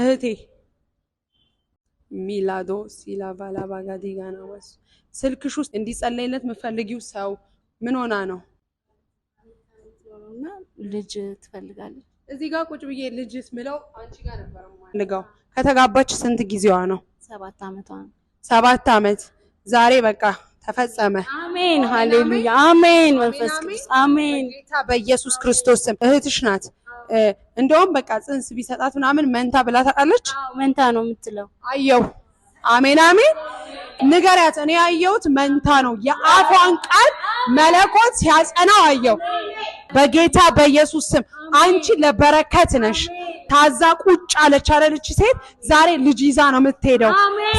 እህቴ ሚላዶ ሲላቫላባጋዲጋ ነው ወስ ስልክሽ ውስጥ እንዲጸለይለት የምትፈልጊው ሰው ምን ሆና ነው? ልጅ ትፈልጋለች። እዚህ ጋር ቁጭ ብዬ ልጅ ምለው አንቺ ጋር ነበር የምፈልገው። ከተጋባች ስንት ጊዜዋ ነው? ሰባት ዓመቷ ነው። ሰባት አመት ዛሬ በቃ ተፈጸመ። አሜን፣ ሃሌሉያ፣ አሜን። መንፈስ ቅዱስ አሜን። ጌታ በኢየሱስ ክርስቶስ ስም እህትሽ ናት። እንደውም በቃ ጽንስ ቢሰጣት ምናምን መንታ ብላ ታውቃለች። መንታ ነው የምትለው አየው። አሜን አሜን። ንገሪያት፣ እኔ ያየሁት መንታ ነው። የአፏን ቃል መለኮት ሲያጸናው አየው። በጌታ በኢየሱስ ስም አንቺ ለበረከት ነሽ። ታዛ ቁጭ አለች አለች ሴት ዛሬ ልጅ ይዛ ነው የምትሄደው።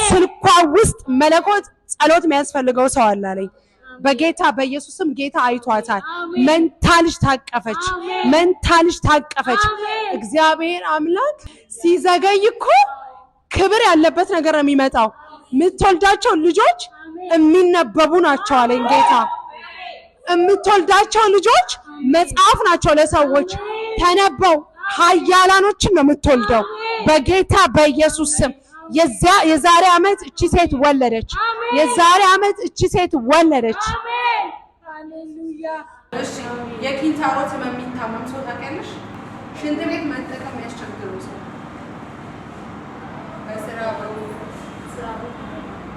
ስልኳ ውስጥ መለኮት ጸሎት የሚያስፈልገው ሰው አለኝ። በጌታ በኢየሱስም ጌታ አይቷታል። መንታልሽ ታቀፈች፣ መንታልሽ ታቀፈች። እግዚአብሔር አምላክ ሲዘገይ እኮ ክብር ያለበት ነገር ነው የሚመጣው። የምትወልዳቸው ልጆች የሚነበቡ ናቸው አለኝ ጌታ። የምትወልዳቸው ልጆች መጽሐፍ ናቸው ለሰዎች ተነበው። ኃያላኖችን ነው የምትወልደው በጌታ በኢየሱስ ስም። የዛሬ ዓመት እቺ ሴት ወለደች። የዛሬ ዓመት እቺ ሴት ወለደች። የኪንታሮት የሚታመም ሰው ታውቂያለሽ? ሽንት ቤት መጠቀም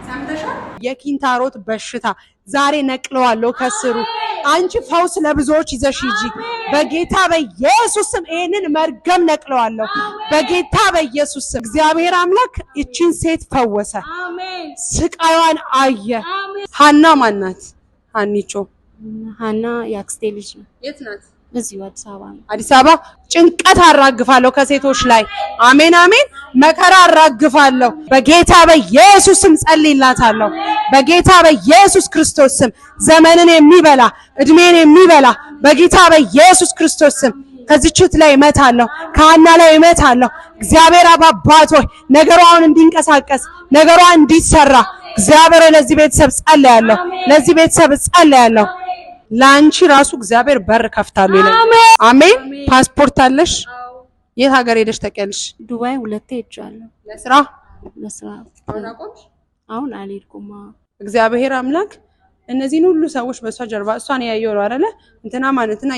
ሰምተሻል? የኪንታሮት በሽታ ዛሬ ነቅለዋለሁ ከስሩ አንቺ ፈውስ ለብዙዎች ይዘሽ ሂጂ በጌታ በኢየሱስ ስም። ይሄንን መርገም ነቅለዋለሁ በጌታ በኢየሱስ ስም። እግዚአብሔር አምላክ ይቺን ሴት ፈወሰ፣ ስቃዩን አየ። ሀና ማናት? ሀኒቾ ሀና የአክስቴ ልጅ ነው። የት ናት? እዚሁ አዲስ አበባ ነው። አዲስ አበባ ጭንቀት አራግፋለሁ ከሴቶች ላይ አሜን አሜን። መከራ አራግፋለሁ። በጌታ በኢየሱስ ስም ጸልይላታለሁ። በጌታ በኢየሱስ ክርስቶስ ስም ዘመንን የሚበላ እድሜን የሚበላ በጌታ በኢየሱስ ክርስቶስ ስም ከዚችት ላይ እመታለሁ፣ ከሀና ላይ እመታለሁ። እግዚአብሔር አባባት ሆይ ነገሯን እንዲንቀሳቀስ ነገሯ እንዲሰራ እግዚአብሔር ለዚህ ቤተሰብ ጸልያለሁ፣ ለዚህ ቤተሰብ ጸልያለሁ። ለአንቺ ራሱ እግዚአብሔር በር ከፍታለሁ ይላል። አሜን። ፓስፖርት አለሽ? የት ሀገር ሄደሽ ተቀልሽ? ዱባይ ሁለቴ ሄጃለሁ። ለስራ ለስራ። አሁን አልሄድኩም። እግዚአብሔር አምላክ እነዚህን ሁሉ ሰዎች በእሷ ጀርባ እሷን ያየው ነው አይደለ? እንትና ማለትና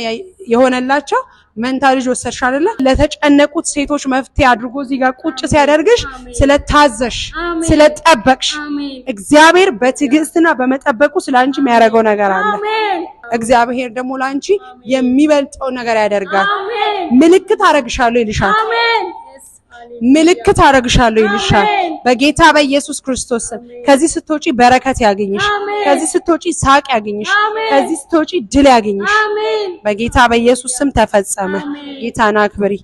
የሆነላቸው መንታ ልጅ ወሰድሽ አይደለ? ለተጨነቁት ሴቶች መፍትሄ አድርጎ እዚህ ጋር ቁጭ ሲያደርግሽ ስለታዘሽ፣ ስለጠበቅሽ እግዚአብሔር በትዕግስትና በመጠበቁ ስለ አንቺ የሚያደርገው ነገር አለ። እግዚአብሔር ደግሞ ላንቺ የሚበልጠው ነገር ያደርጋል። ምልክት አረግሻለሁ ይልሻል። ምልክት አረግሻለሁ ይልሻል። በጌታ በኢየሱስ ክርስቶስ ከዚህ ስትወጪ በረከት ያገኝሽ፣ ከዚህ ስትወጪ ሳቅ ያገኝሽ፣ ከዚህ ስትወጪ ድል ያገኝሽ። በጌታ በኢየሱስ ስም ተፈጸመ። ጌታን አክብሪ።